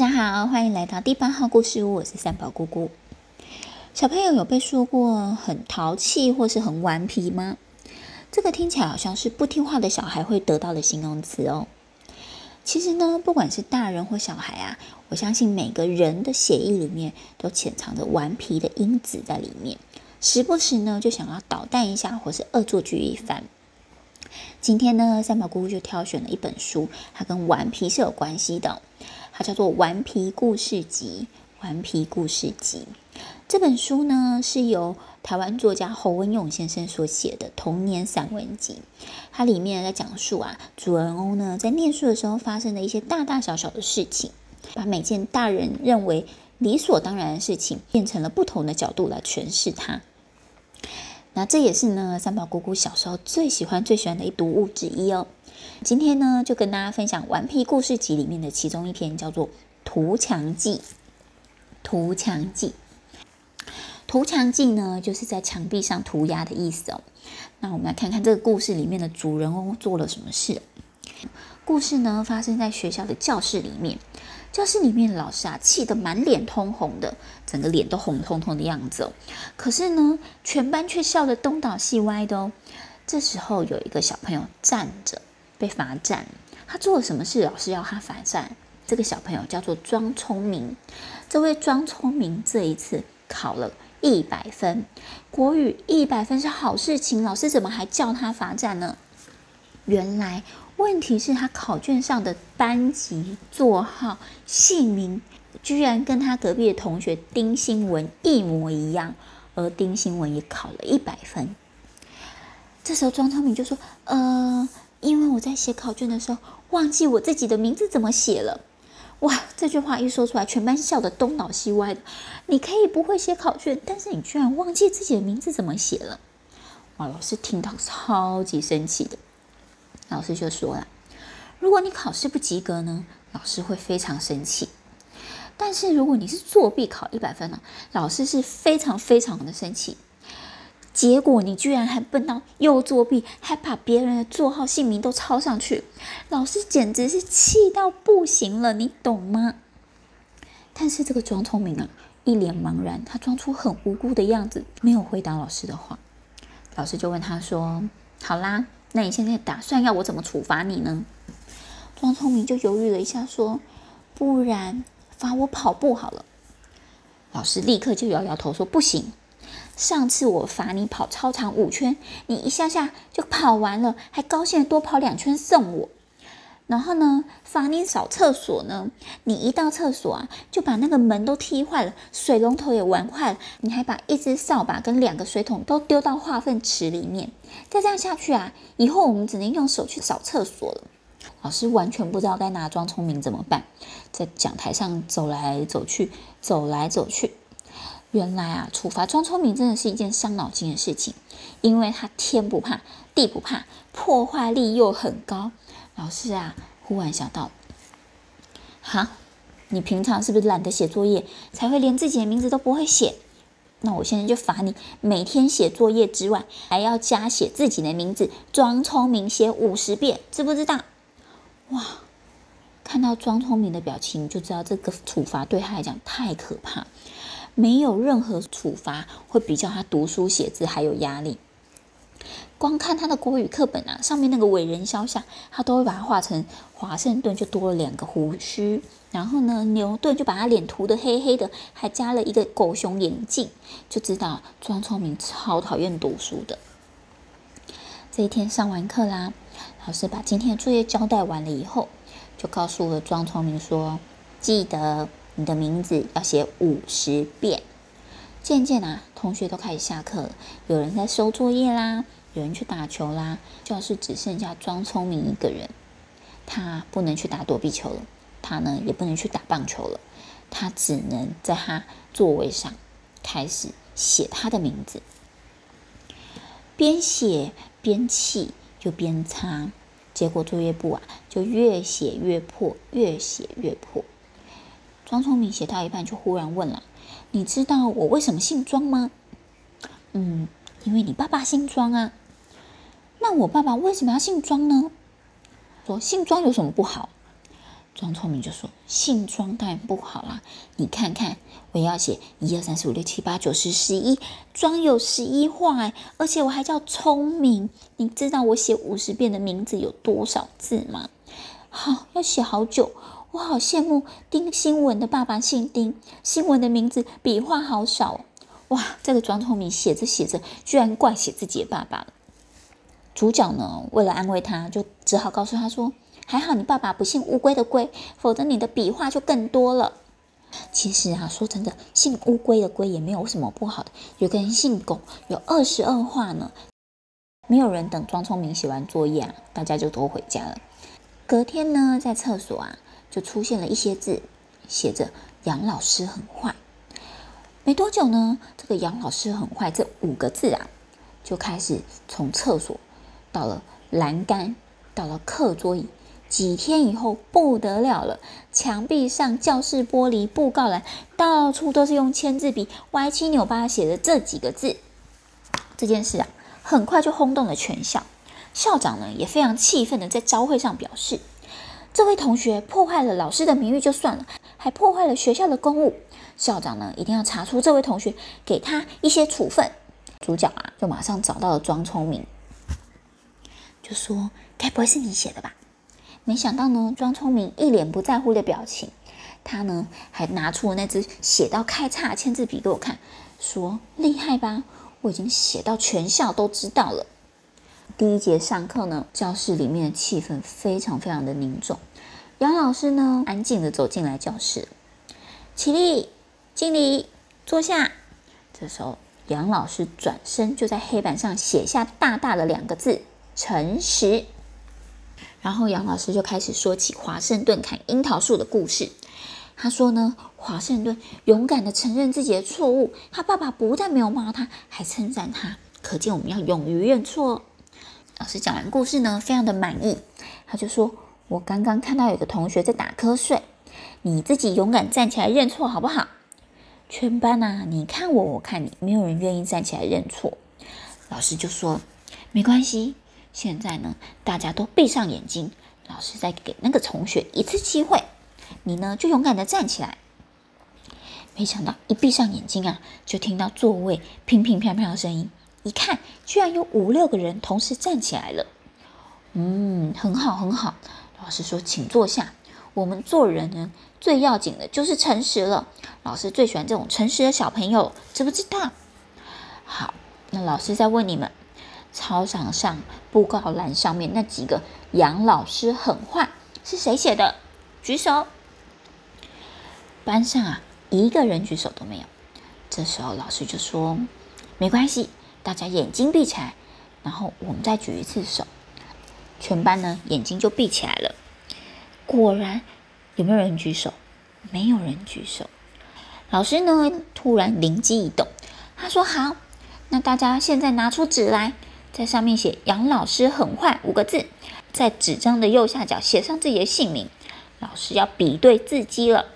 大家好，歡迎來到第八號故事屋。我是三寶姑姑。小朋友有被說過很淘氣或是很頑皮嗎？這個聽起來好像是不聽話的小孩會得到的形容詞哦。其實呢，不管是大人或小孩啊，我相信每個人的血液裡面都潛藏着頑皮的因子在裡面，時不時呢就想要搗蛋一下或是惡作劇一番。今天呢，三寶菇菇就挑選了一本書，它跟頑皮是有關係的，它叫做《頑皮故事集》。《頑皮故事集》這本書呢，是由台灣作家侯文詠先生所寫的童年散文集，它裡面在講述啊，主人翁呢在念書的時候發生的一些大大小小的事情，把每件大人認為理所當然的事情，變成了不同的角度來詮釋它。那這也是呢，三寶姑姑小時候最喜歡、最喜歡的一讀物之一哦。今天呢，就跟大家分享《頑皮故事集》裡面的其中一篇，叫做《塗牆記》。塗牆記，塗牆記呢，就是在牆壁上塗鴉的意思哦。那我們來看看這個故事裡面的主人翁做了什麼事。故事呢發生在學校的教室裡面，教室裡面老師啊氣得滿臉通紅的，整個臉都紅彤彤的樣子哦。可是呢，全班卻笑得東倒西歪的哦。這時候有一個小朋友站着被罰站，他做了什麼事？老師要他罰站。這個小朋友叫做莊聰明，這位莊聰明這一次考了一百分，國語一百分是好事情，老師怎麼還叫他罰站呢？原來問題是他考卷上的班級、座號、姓名居然跟他隔壁的同學丁新文一模一樣，而丁新文也考了一百分。這時候莊聰明就說：“呃，因為我在寫考卷的時候忘記我自己的名字怎麼寫了。”哇，這句話一說出來，全班笑得東倒西歪的。你可以不會寫考卷，但是你居然忘記自己的名字怎麼寫了，哇！老師聽到超級生氣的。老師就說了：“如果你考試不及格呢，老師會非常生氣。但是如果你是作弊考一百分呢，老師是非常非常的生氣。結果你居然還笨到又作弊，還把別人的座號、姓名都抄上去，老師簡直是氣到不行了，你懂嗎？”但是這個莊聰明啊，一臉茫然，他裝出很無辜的樣子，沒有回答老師的話。老師就問他說：“好啦。”那你現在打算要我怎麼處罰你呢？”莊聰明就猶豫了一下，說：“不然罰我跑步好了。”老師立刻就搖搖頭說：“不行，上次我罰你跑操場五圈，你一下下就跑完了，還高興多跑兩圈送我。”然後呢，罰你掃廁所呢？你一到廁所啊，就把那個門都踢壞了，水龍頭也玩壞了，你還把一只掃把跟兩個水桶都丟到化糞池裡面。再這樣下去啊，以後我們只能用手去掃廁所了。老師完全不知道該拿莊聰明怎麼辦，在講台上走來走去，走來走去。原來啊，處罰莊聰明真的是一件傷腦筋的事情，因為他天不怕地不怕，破壞力又很高。老師啊，忽然想到，哈，你平常是不是懶得寫作業，才會連自己的名字都不會寫？那我現在就罰你每天寫作業之外，還要加寫自己的名字，莊聰明寫五十遍，知不知道？哇，看到莊聰明的表情，就知道這個處罰對他來講太可怕，沒有任何處罰會比教他讀書寫字還有壓力。光看他的國語課本啊，上面那個偉人肖像，他都會把它畫成華盛頓就多了兩個鬍鬚，然後呢，牛頓就把他臉塗得黑黑的，還加了一個狗熊眼鏡，就知道莊聰明超討厭讀書的。這一天上完課啦，老師把今天的作業交代完了以後，就告訴了莊聰明說：“記得你的名字要寫五十遍。”漸漸啊，同學都開始下課了，有人在收作業啦。有人去打球啦，教室只剩下莊聰明一個人。他不能去打躲避球了，他呢也不能去打棒球了，他只能在他座位上開始寫他的名字，邊寫邊氣就邊擦，結果作業簿啊就越寫越破，越寫越破。莊聰明寫到一半就忽然問了：“你知道我為什麼姓莊嗎？”“嗯，因為你爸爸姓莊啊。”問我爸爸為什麼要姓莊呢？說姓莊有什麼不好？莊聰明就說姓莊當然不好啦！你看看，我要寫一二三四五六七八九十十一，莊有十一畫，哎，而且我還叫聰明。你知道我寫五十遍的名字有多少字嗎？好，要寫好久。我好羨慕丁新文的爸爸姓丁，新文的名字筆畫好少喔。哇，這個莊聰明寫着寫着居然怪寫自己的爸爸了。主角呢，為了安慰他，就只好告訴他說：“還好你爸爸不姓烏龜的龜，否則你的筆畫就更多了。”其實啊，說真的，姓烏龜的龜也沒有什麼不好的。有個人姓龔，有二十二畫呢。沒有人等莊聰明寫完作業啊，大家就都回家了。隔天呢，在廁所啊，就出現了一些字，寫着“楊老師很壞”。沒多久呢，這個“楊老師很壞”這五個字啊，就開始從廁所。到了欄杆，到了課桌椅，幾天以後不得了了，牆壁上、教室玻璃、布告欄，到處都是用簽字筆歪七扭八寫的這幾個字。這件事啊，很快就轟動了全校。校長呢，也非常氣憤的在朝會上表示，這位同學破壞了老師的名譽就算了，還破壞了學校的公物。校長呢，一定要查出這位同學，給他一些處分。主角啊，就馬上找到了莊聰明。就說：“該不會是你寫的吧？”沒想到呢，莊聰明一臉不在乎的表情。他呢，還拿出了那支寫到開叉的簽字筆給我看，說：“厲害吧？我已經寫到全校都知道了。”第一節上課呢，教室裡面的氣氛非常非常的凝重。楊老師呢，安靜的走進來教室，起立，敬禮，坐下。這時候，楊老師轉身就在黑板上寫下大大的兩個字。誠實。然後楊老師就開始說起華盛頓砍櫻桃樹的故事。他說呢，華盛頓勇敢的承認自己的錯誤，他爸爸不但沒有罵他，還稱讚他。可見我們要勇於認錯。老師講完故事呢，非常的滿意，他就說：“我剛剛看到有個同學在打瞌睡，你自己勇敢站起來認錯好不好？”全班吶、啊，你看我，我看你，沒有人願意站起來認錯。老師就說：“沒關係。”現在呢，大家都閉上眼睛，老師再給那個同學一次機會。你呢，就勇敢的站起來。沒想到一閉上眼睛啊，就聽到座位乒乒乓乓的聲音。一看，居然有五六個人同時站起來了。嗯，很好，很好。老師說，請坐下。我們做人呢，最要緊的就是誠實了。老師最喜歡這種誠實的小朋友，知不知道？好，那老師再問你們。操場上上布告欄上面那幾個楊老師很壞是誰寫的？舉手！班上啊，一個人舉手都沒有。這時候老師就說：“沒關係，大家眼睛閉起來，然後我們再舉一次手。”全班呢，眼睛就閉起來了。果然，有沒有人舉手？沒有人舉手。老師呢，突然靈機一動，他說：“好，那大家現在拿出紙來。”在上面寫“楊老師很壞”五個字，在紙張的右下角寫上自己的姓名。老師要比對字跡了。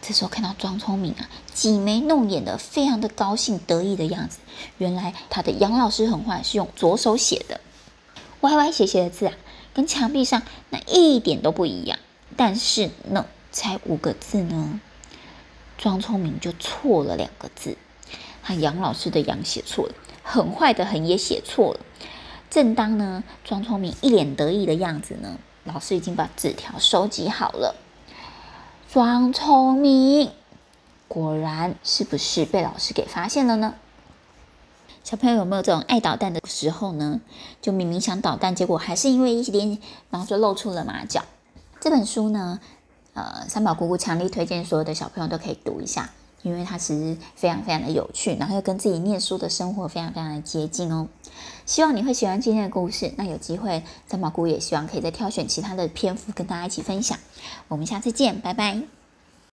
這時候看到莊聰明啊，擠眉弄眼的，非常的高興得意的樣子。原來他的“楊老師很壞”是用左手寫的，歪歪斜斜的字啊，跟牆壁上那一點都不一樣。但是呢，才五個字呢，莊聰明就錯了兩個字，他“楊老師”的“楊”寫錯了。很壞的很也寫錯了。正當呢，莊聰明一臉得意的樣子呢，老師已經把紙條收集好了。莊聰明果然是不是被老師給發現了呢？小朋友有沒有這種愛搗蛋的時候呢？就明明想搗蛋，結果還是因為一點，然後就露出了馬腳。這本書呢，呃，三寶菇菇強力推薦，所有的小朋友都可以讀一下。因為它其實非常非常的有趣，然後又跟自己念書的生活非常非常的接近哦。希望你會喜歡今天的故事。那有機會，三寶菇菇也希望可以再挑選其他的篇幅跟大家一起分享。我們下次見，拜拜。